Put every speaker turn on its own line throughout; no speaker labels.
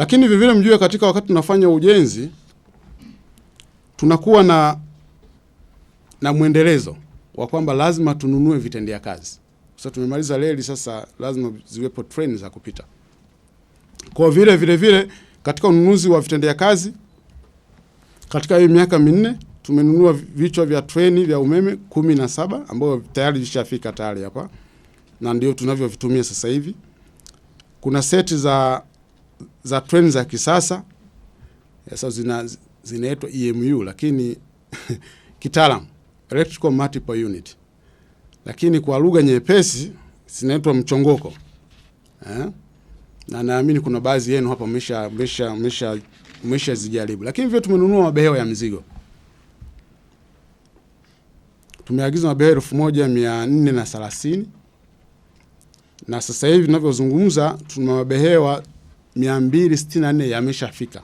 Lakini vivile mjue, katika wakati tunafanya ujenzi tunakuwa na na mwendelezo wa kwamba lazima tununue vitendea kazi. Sasa tumemaliza reli, sasa lazima ziwepo treni za kupita. Kwa vile vile vile katika ununuzi wa vitendea kazi katika hiyo miaka minne tumenunua vichwa vya treni vya umeme kumi na saba ambayo tayari vishafika tayari hapa na ndio tunavyovitumia sasa hivi. Kuna seti za za treni za kisasa eh, sasa zina zinaitwa EMU lakini kitaalam electrical multiple unit, lakini kwa lugha nyepesi zinaitwa mchongoko eh? na naamini kuna baadhi yenu hapa mmesha mmesha mmesha zijaribu lakini vile tumenunua mabehewa ya mzigo, tumeagiza mabehewa elfu moja mia nne na thelathini na sasa hivi tunavyozungumza tuna mabehewa 264 yameshafika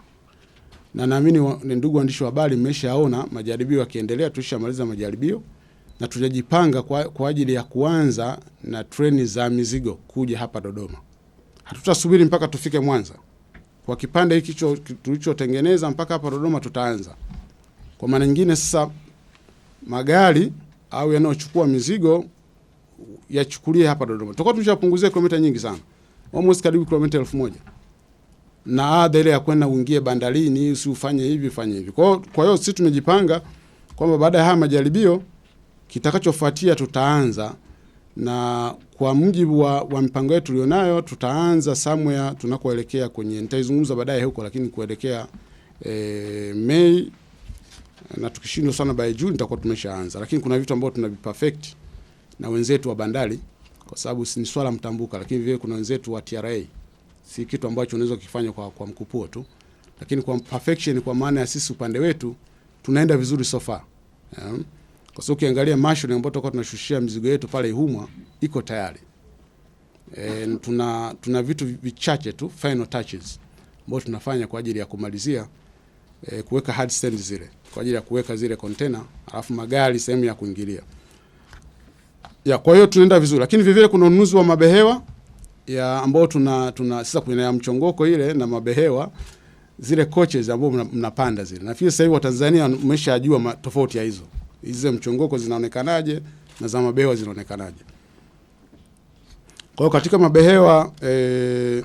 na naamini ndugu waandishi wa habari mmeshaona majaribio yakiendelea. Tulishamaliza majaribio na tunajipanga kwa, kwa ajili ya kuanza na treni za mizigo kuja hapa Dodoma. Hatutasubiri mpaka tufike Mwanza. Kwa kipande hiki tulichotengeneza mpaka hapa Dodoma tutaanza. Kwa maana nyingine, sasa magari au yanayochukua mizigo yachukulie hapa Dodoma. Tutakuwa tumeshapunguzia kilomita nyingi sana, almost karibu kilomita elfu moja na ada ile ya kwenda uingie bandarini, usifanye hivi, fanye hivi. Kwa kwa hiyo sisi tumejipanga kwamba baada ya haya majaribio kitakachofuatia tutaanza na kwa mujibu wa, wa mpango wetu ulionayo tutaanza somewhere tunakoelekea kwenye nitaizungumza baadaye huko, lakini kuelekea e, eh, Mei na tukishindwa sana by June nitakuwa tumeshaanza, lakini kuna vitu ambavyo tuna perfect na wenzetu wa bandari, kwa sababu si swala mtambuka, lakini vile kuna wenzetu wa TRA si kitu ambacho unaweza kukifanya kwa, kwa mkupuo tu, lakini kwa perfection, kwa maana ya sisi upande wetu tunaenda vizuri so far um, Kwa sababu ukiangalia mashine ambayo tutakuwa tunashushia mizigo yetu pale Ihumwa iko tayari e, tuna, tuna vitu vichache tu final touches ambayo tunafanya kwa ajili ya kumalizia e, kuweka hard stand zile kwa ajili ya kuweka zile container, alafu magari sehemu ya kuingilia ya. Kwa hiyo tunaenda vizuri, lakini vivile kuna ununuzi wa mabehewa ya ambao tuna, tuna sasa kuna mchongoko ile na mabehewa zile coaches ambao mnapanda zile. Nafikiri sasa hivi wa Tanzania mmeshajua tofauti ya hizo hizo mchongoko zinaonekanaje na za mabehewa zinaonekanaje. Kwa hiyo katika mabehewa eh,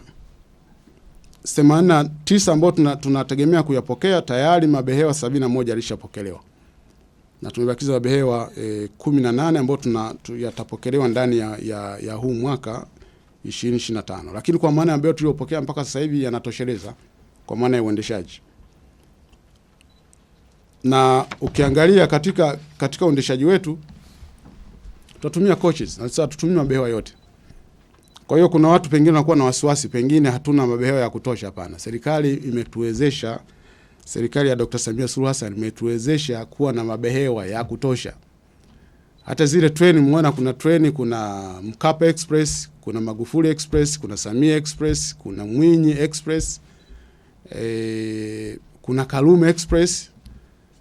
89 ambao tunategemea tuna kuyapokea tayari mabehewa 71 alishapokelewa. na tumebakiza mabehewa eh, 18 ambao tuna, tu, yatapokelewa ndani ya, ya, ya huu mwaka 2025, lakini kwa maana ambayo tuliyopokea mpaka sasa hivi yanatosheleza kwa maana ya uendeshaji. Na ukiangalia katika katika uendeshaji wetu tutatumia coaches na sasa tutumie mabehewa yote. Kwa hiyo kuna watu pengine wanakuwa na wasiwasi, pengine hatuna mabehewa ya kutosha. Hapana, serikali imetuwezesha, serikali ya Dr. Samia Suluhu Hassan imetuwezesha kuwa na mabehewa ya kutosha hata zile treni mmeona, kuna treni, kuna Mkapa Express, kuna Magufuli Express, kuna Samia Express, kuna Mwinyi Express e, kuna Karume Express,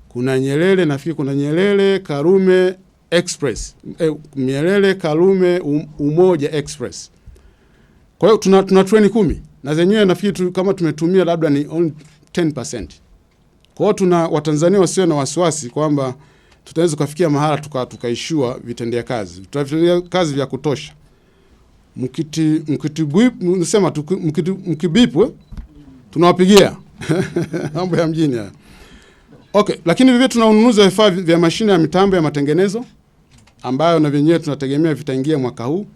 kuna Nyerere, nafikiri kuna Nyerere Karume Express e, Nyerere Karume um, Umoja Express. Kwa hiyo tuna, tuna treni kumi na zenyewe nafikiri tu, kama tumetumia labda ni only 10%. Kwa hiyo tuna Watanzania wasio na wasiwasi kwamba tutaweza kufikia mahala tuka tukaishua vitendea kazi, tutafanya kazi vya kutosha. Mkiti nasema mkiti mkibipwe tunawapigia mambo ya mjini haya. Okay, lakini vivyo tuna ununuzi vifaa vya mashine ya mitambo ya matengenezo ambayo na vyenyewe tunategemea vitaingia mwaka huu.